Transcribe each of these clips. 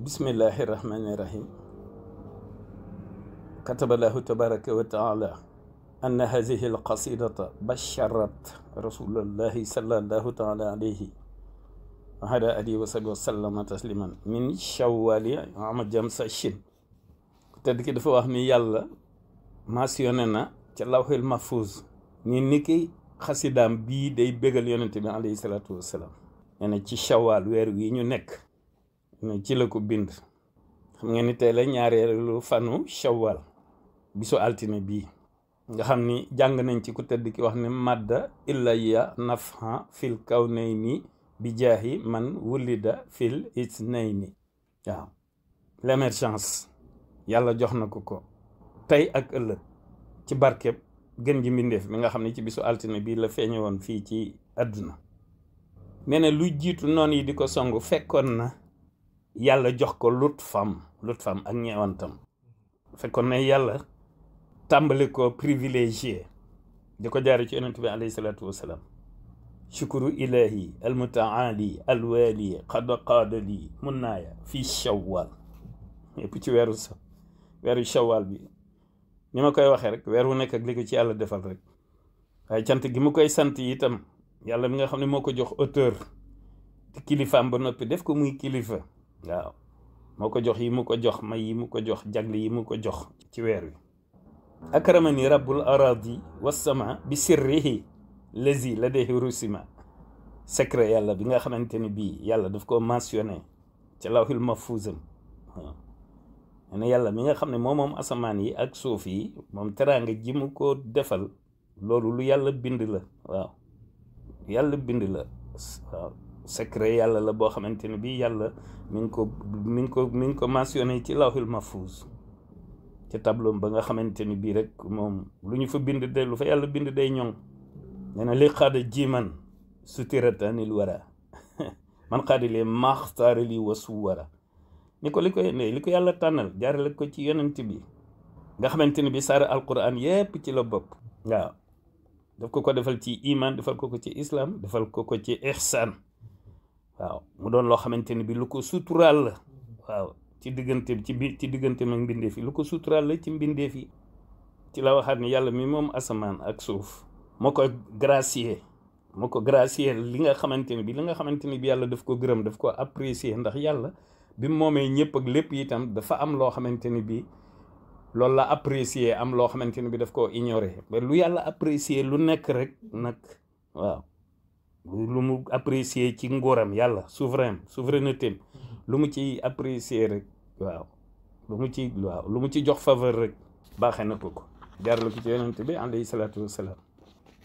بسم الله الرحمن الرحيم كتب الله تبارك وتعالى أن هذه القصيدة بشرت رسول الله صلى الله تعالى عليه وعلى آله وصحبه وسلم تسليما من شوال عام جمس الشن تدكي دفو أهمي يالا ما سيوننا ci lawhil mahfuz ni niki xasidaam bii day bégal yonente bi alayhi salaatu wasalaam nee na ci shawaal ci la ko bind xam nga ni tey la ñaareelu fanu shawwal bisu altine bii nga xam ni jàng nañ ci ku tëdd ki wax ne madda illaya nafha fil ni bi jaahi man wulida fil isnayni waaw l'émergence yàlla jox na ko ko tey ak ëllëg ci barkeb gën ji mbindeef mi nga xam ne ci bisu altine bii la feeñe woon fii ci àdduna nee lu jiitu noon yi di ko song fekkoon na yalla jox ko lutfam lutfam ak ñewantam mm-hmm. fekkon ne yalla tambalé ko privilégié diko jaar ci yonentou bi alayhi salatu wassalam شكر إلهي المتعالي الوالي قد قاد لي منايا في الشوال يبقى ويرو سا ويرو الشوال بي نما كوي واخي رك ويرو نيك اك ليكو تي يالا ديفال رك واي تانت غي مكوي سانت يتام يالا ميغا خامني موكو جوخ اوتور تي كليفام با نوبي ديف waaw moo ko jox yi mu ko jox may yi mu ko jox jagle yi mu ko jox ci weer wi akramani rabbul aradi wasama bi les lazi la dee rusima secret yàlla bi nga xamante ni bii yàlla daf ko mentionné ca lawhil mahfuzam waaw ne yàlla mi nga xam ne moom moom asamaan yi ak suuf yi moom teraanga ji mu ko defal loolu lu yàlla bind la waaw yàlla bind la waaw secret yàlla la boo xamante ne bii yàlla mi ngi ko mi ngi ko mi ngi ko mentionné ci lawhul mahfuz ca tableau ba nga xamante ni bii rek moom lu ñu fa bind de lu fa yàlla bind day ñoŋ nee na li xaada jiman sutiratanil wara man xaadilee maxtaara li wasu wara ni ko li ko ne li ko yàlla tànnal jaarale ko ci yonent bi nga xamante ni bi saara alquran yépp ci la bopp waaw daf ko ko defal ci iman defal ko ko ci islam defal ko ko ci ihsan waaw mu doon loo xamante ni bi lu ko suturaal la waaw ci diggante ci bi ci diggante mag mbindeef yi lu ko suturaal la ci mbindeef yi ci la waxaat ni yàlla mi moom asamaan ak suuf moo ko gracier moo ko gracier li nga xamante ni bi li nga xamante ni bi yàlla daf ko gërëm daf ko apprécier ndax yàlla bi moomee ñëpp ak lépp itam dafa am loo xamante ni bi loolu la apprecier am loo xamante ni bi daf ko ignorer mais lu yàlla apprécier lu nekk rek nag waaw lu mu apprécier ci ngooram yàlla souverain souveraineté mm-hmm. lu mu ci apprécier rek waaw lu mu ci waaw lu mu ci jox faveur rek baaxee na ko ko jaarale ko ci yonent bi alayhi salaatu wasalaam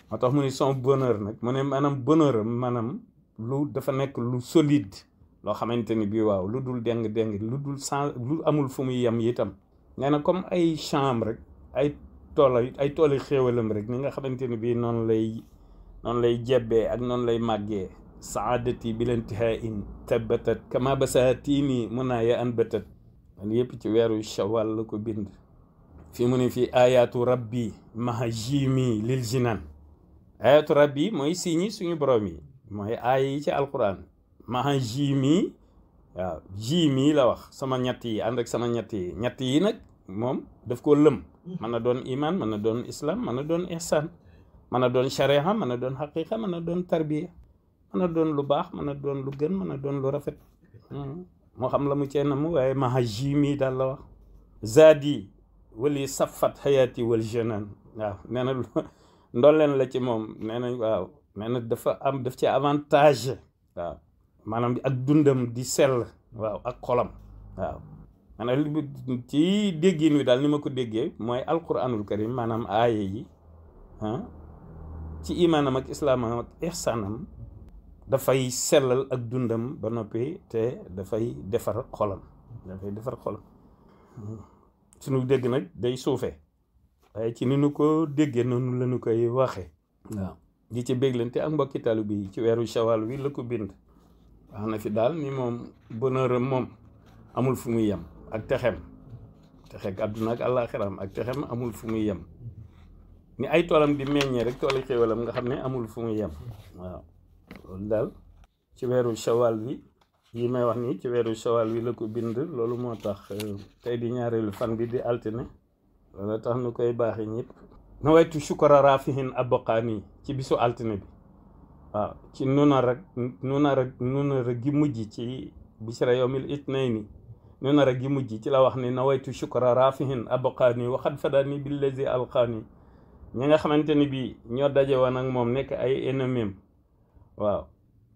moo tax mu ne son bonheur nag mu ne maanaam bonheur maanaam lu dafa nekk lu solide loo xamante ni bii waaw lu dul déng-déng lu dul sans lu amul fu muy yem itam nee na comme ay chambre rek ay tool ay tooli xéewalam rek ni nga xamante ni bii noonu lay noonu lay jebbee ak noonu lay màggee saadati bi leen tihaa in tabbatat kama basaatiini mun naa ya an batat man yëpp ci weeru shawal la ko bind fi mu ne fii ayatu rabbi mahajimi lil jinan ayatu rabbi mooy signe suñu borom yi mooy aaya yi ci alquran mahajimi waaw jimi la wax sama ñett yi ànd ak sama ñett yi ñett yi nag moom daf koo lëm hmm. mën na doon imaan mën na doon islam mën na doon ihsan mana don shariha mana don haqiqa mana don tarbiya mana don lu bax mana don lu gën mana don lu rafet hmm. mo xam la mu namu way mahajimi dal wax zadi wali safat hayati wal janan nena na len la ci mom nena na nena dafa am daf ci avantage waaw manam ak dundam di sel waaw ak xolam waaw li ci déggin wi dal nima ko degge moy alquranul karim manam aaye yi ah, ci imaanam ak islaamam ak ihsaanam dafay sellal ak dundam ba noppi te dafay defar xolam dafay defar xolam suñu dégg nag day suufe waaye ci ni nu ko déggee noonu la koy waxee waaw di ci béglante ak mbokki taalibe bi ci weeru shawal wi la ko bind wax na fi daal ni moom bonheur moom amul fu muy yem ak texem texeek àdduna ak àllaaxiraam ak texem amul fu muy yem ni ay toolam di meññee rek tooli xéewalam nga xam ne amul fu mu yem waaw loolu daal ci weeru shawal bi yi may wax nii ci weeru shawal bi la ko bind loolu moo tax euh, tey di ñaareelu fan bi di altine loolu tax nu koy baaxi ñëpp nawaytu shukura rafihin aboqaani ci bisu altine bi waaw ci nuna rek nuna rek nuna rek gi mujj ci bisra yawmil itnayni nuna rek gi mujj ci la wax ne nawaytu shukura rafihin ñi nga xamante ni bii ñoo daje woon ak moom nekk ay ennemis waaw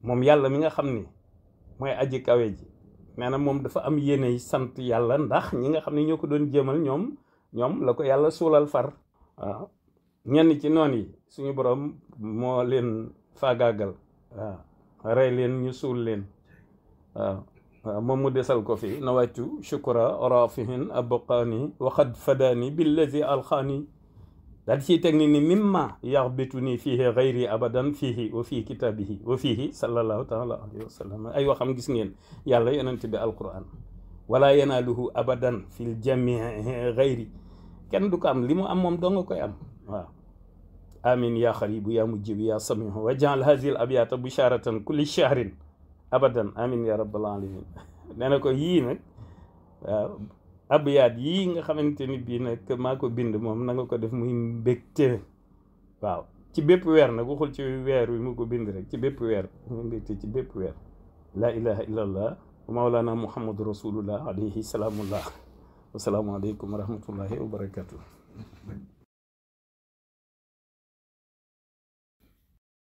moom yàlla mi nga xam ni mooy aji kawe ji nee moom dafa am yéene sant yàlla ndax ñi nga xam ne ñoo ko doon jéemal ñoom ñoom la ko yàlla suulal far waaw ñenn ci noon yi suñu boroom moo leen faagaagal waaw rey leen ñu suul leen waaw moom mu desal ko fi nawàccu shukura rafihin abqaani waxad fadaani billazi alxaani دالتي تغنيني مما يغبطني فيه غيري ابدا فيه وفي كتابه وفيه صلى الله تعالى عليه وسلم اي أيوة وخم غيس نين يالا يننت بالقران ولا يناله ابدا في الجميع غيري كان دوك ام ليمو ام موم دونغ كوي ام امين يا خريب يا مجيب يا سميع وجعل هذه الابيات بشاره كل شهر ابدا امين يا رب العالمين نانا كو يي abiyat yi nga xamanteni bi nak mako bind mom nanga ko def muy mbégte waaw ci bép wèr nak waxul ci wèr wi mako bind rek ci bép wèr muy mbégte ci bép wèr la ilaha illallah wa mawlana muhammadu rasulullah alayhi wa salaamullah alaykum wa rahmatullahi wa barakatuh